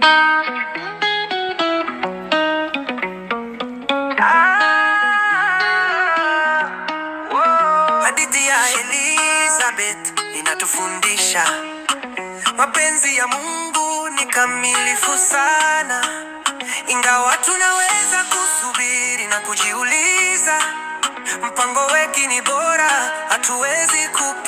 Hadithi ya Elizabeth inatufundisha mapenzi ya Mungu ni kamilifu sana, ingawa tunaweza kusubiri na kujiuliza, mpango weki ni bora, hatuwezi kupi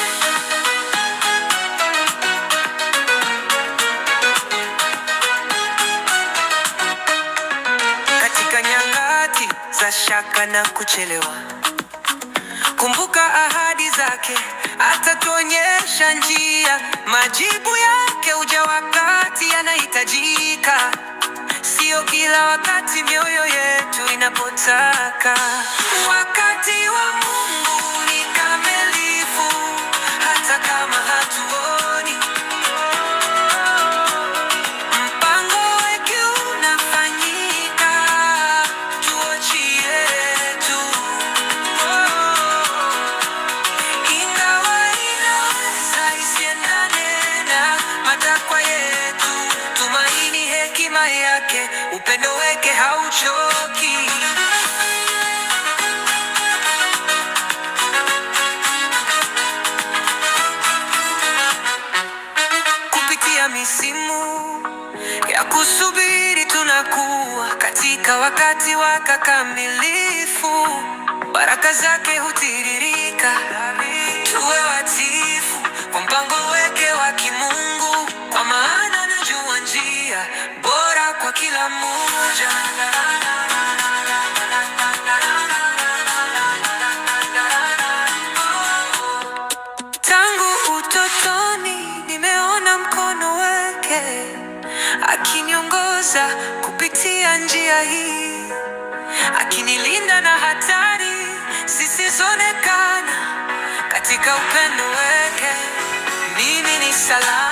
shaka na kuchelewa. Kumbuka ahadi zake, atatuonyesha njia. Majibu yake uja wakati yanahitajika, sio kila wakati mioyo yetu inapotaka. Wakati wa Mungu neema yake, upendo wake hauchoki. Kupitia misimu ya kusubiri, tunakuwa katika wakati wa kakamilifu, baraka zake hutiririka akiniongoza kupitia njia hii, akinilinda na hatari zisizoonekana. Katika upendo wake mimi ni salama.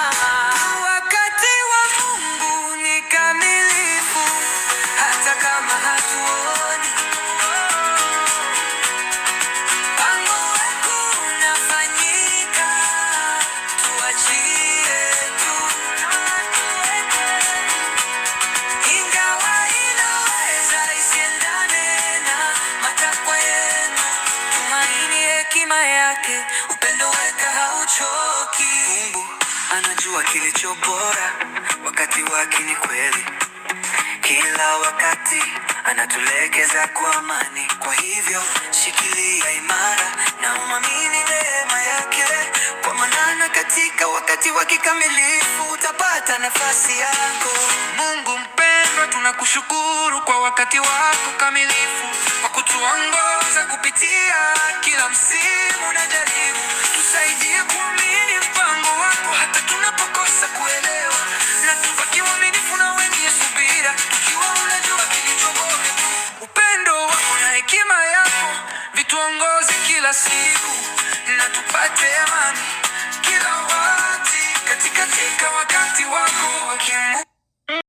neema yake, upendo wake hauchoki. Mungu anajua kilicho bora, wakati wake ni kweli, kila wakati anatulekeza kwa amani. Kwa hivyo shikilia imara na umamini neema yake, kwa maana katika wakati wa kikamilifu utapata nafasi yako Mungu kushukuru kwa wakati wako kamilifu kwa kutuongoza kupitia kila msimu na jaribu. Tusaidie kuamini mpango wako hata tunapokosa kuelewa, na tubaki waaminifu na wenye subira, tukiwa unajua kilicho bora. Upendo wako na hekima yako vituongoze kila siku, na tupate amani kila wakati katika katika wakati wako wakimu